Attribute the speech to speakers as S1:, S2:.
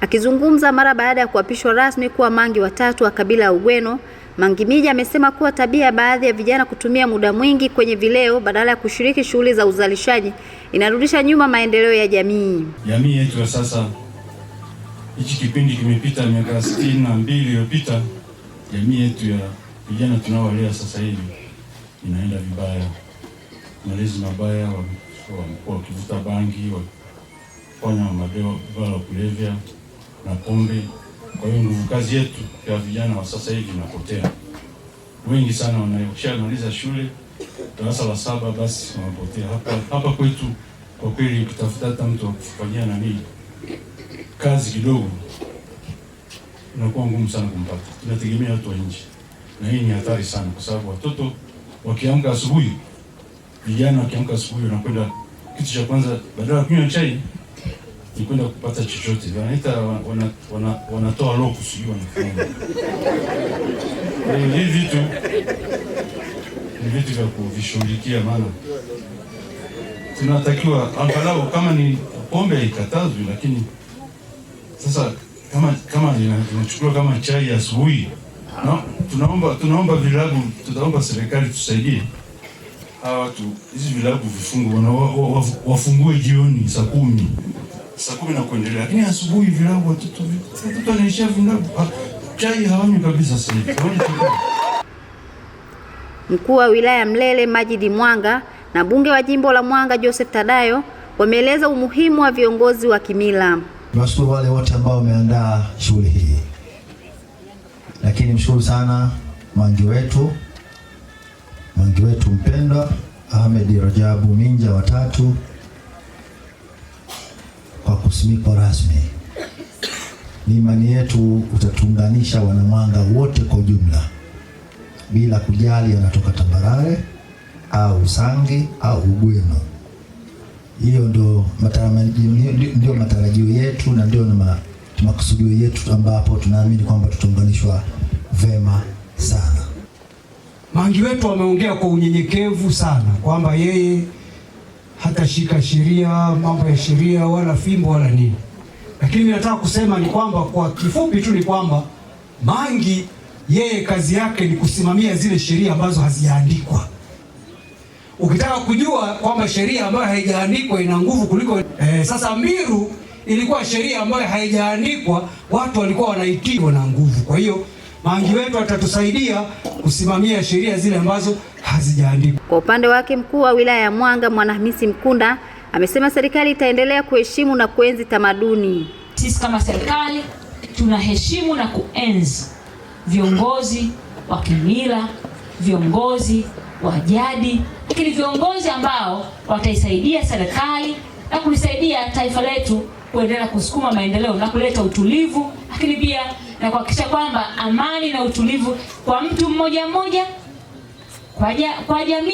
S1: Akizungumza mara baada ya kuapishwa rasmi kuwa mangi watatu wa kabila ya Ugweno, Mangi Mija amesema kuwa tabia ya baadhi ya vijana kutumia muda mwingi kwenye vileo badala ya kushiriki shughuli za uzalishaji inarudisha nyuma maendeleo ya jamii.
S2: Jamii yetu ya sasa, hichi kipindi kimepita, miaka sitini na mbili iliyopita, jamii yetu ya vijana tunaowalea sasa hivi inaenda vibaya, malezi mabaya, wamekuwa wakivuta bangi, wakifanya madewa ya kulevya na pombe. Kwa hiyo nguvu kazi yetu ya vijana wa sasa hivi inapotea, wengi sana wanashamaliza shule darasa la saba, basi wanapotea. Hapa hapa kwetu kwa kweli, ukitafuta hata mtu wa kufanyia nani kazi kidogo inakuwa ngumu sana kumpata, tunategemea watu wa nje, na hii ni hatari sana, kwa sababu watoto wakiamka asubuhi, vijana wakiamka asubuhi, wanakwenda kitu cha kwanza, badala ya kunywa chai ni kwenda kupata chochote, wanaita wanatoa wana, wana, loku sijui wanafanya eh, hivi vitu ni vitu vya kuvishughulikia, maana tunatakiwa angalau kama ni pombe haikatazwi, lakini sasa kama kama inachukuliwa kama chai asubuhi no, tunaomba tunaomba vilabu, tutaomba serikali tusaidie hawa watu, hizi vilabu vifungwe, wafungue jioni saa kumi saa kumi na kuendelea, lakini asubuhi vilabu, watoto watoto wanaishia vilabu, ah, chai hawanywi kabisa sasa
S1: Mkuu wa wilaya Mlele Majidi Mwanga na bunge wa jimbo la Mwanga Joseph Tadayo wameeleza umuhimu wa viongozi wa kimila.
S3: Nashukuru wale wote ambao wameandaa shughuli hii, lakini mshukuru sana mwangi wetu mwangi wetu mpendwa Ahmed Rajabu Minja watatu msimiko rasmi. Ni imani yetu utatuunganisha wanamwanga wote kwa ujumla bila kujali wanatoka Tambarare au Sangi au Ugweno. Hiyo ndio matarajio, matarajio yetu na ndio makusudio yetu, ambapo tunaamini kwamba tutaunganishwa vema sana.
S4: Mangi wetu ameongea kwa unyenyekevu sana kwamba yeye hatashika sheria, mambo ya sheria wala fimbo wala nini, lakini nataka kusema ni kwamba kwa kifupi tu ni kwamba Mangi yeye kazi yake ni kusimamia zile sheria ambazo hazijaandikwa. Ukitaka kujua kwamba sheria ambayo haijaandikwa ina nguvu kuliko eh, sasa Miru ilikuwa sheria ambayo haijaandikwa, watu walikuwa wanaitiwa na nguvu. Kwa hiyo Mangi wetu atatusaidia kusimamia sheria zile ambazo hazijaandikwa.
S1: Kwa upande wake, mkuu wa wilaya ya Mwanga Mwanahamisi Mkunda amesema serikali itaendelea kuheshimu na kuenzi tamaduni.
S5: Sisi kama serikali tunaheshimu na kuenzi viongozi wa kimila, viongozi wa jadi, lakini viongozi ambao wataisaidia serikali na kulisaidia taifa letu kuendelea kusukuma maendeleo na kuleta utulivu, lakini pia na kuhakikisha kwamba amani na utulivu kwa mtu mmoja mmoja 快点，快点。米。